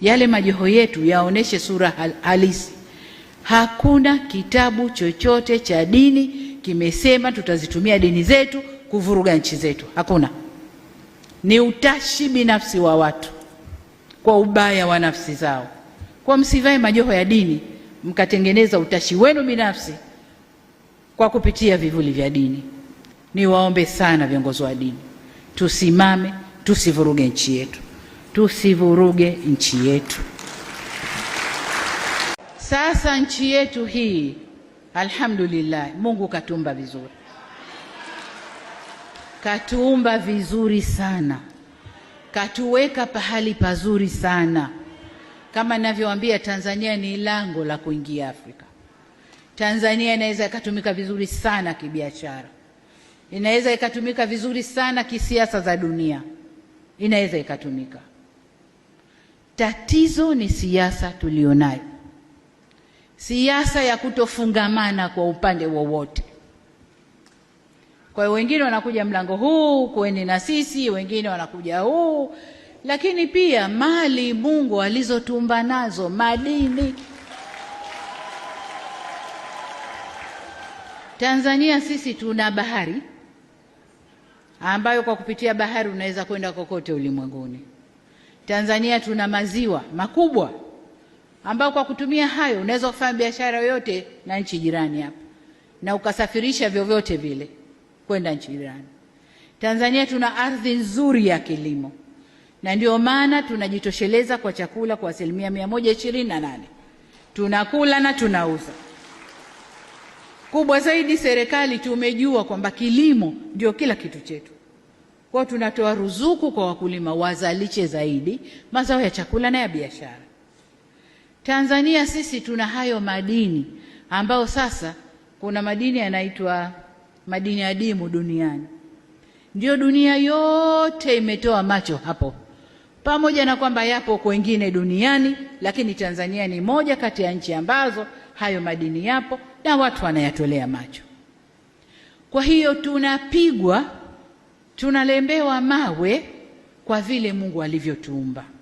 Yale majoho yetu yaoneshe sura hal halisi. Hakuna kitabu chochote cha dini kimesema tutazitumia dini zetu kuvuruga nchi zetu. Hakuna, ni utashi binafsi wa watu kwa ubaya wa nafsi zao. Kwa msivae majoho ya dini mkatengeneza utashi wenu binafsi kwa kupitia vivuli vya dini. Niwaombe sana viongozi wa dini, tusimame tusivuruge nchi yetu tusivuruge nchi yetu. Sasa nchi yetu hii alhamdulillah, Mungu katuumba vizuri, katuumba vizuri sana, katuweka pahali pazuri sana. Kama ninavyowaambia, Tanzania ni lango la kuingia Afrika. Tanzania inaweza ikatumika vizuri sana kibiashara, inaweza ikatumika vizuri sana kisiasa za dunia, inaweza ikatumika Tatizo ni siasa tulionayo, siasa ya kutofungamana kwa upande wowote. Kwa hiyo wengine wanakuja mlango huu, kueni na sisi, wengine wanakuja huu, lakini pia mali Mungu alizotumba nazo, madini Tanzania sisi tuna bahari ambayo kwa kupitia bahari unaweza kwenda kokote ulimwenguni. Tanzania tuna maziwa makubwa ambayo kwa kutumia hayo unaweza kufanya biashara yoyote na nchi jirani hapa na ukasafirisha vyovyote vile kwenda nchi jirani. Tanzania tuna ardhi nzuri ya kilimo na ndio maana tunajitosheleza kwa chakula kwa asilimia mia moja ishirini na nane tunakula na tunauza. Kubwa zaidi, serikali tumejua kwamba kilimo ndio kila kitu chetu kwa tunatoa ruzuku kwa wakulima wazalishe zaidi mazao ya chakula na ya biashara. Tanzania sisi tuna hayo madini ambayo sasa kuna madini yanaitwa madini adimu duniani, ndio dunia yote imetoa macho hapo, pamoja na kwamba yapo kwengine duniani, lakini Tanzania ni moja kati ya nchi ambazo hayo madini yapo na watu wanayatolea macho. Kwa hiyo tunapigwa tunalembewa mawe kwa vile Mungu alivyotuumba.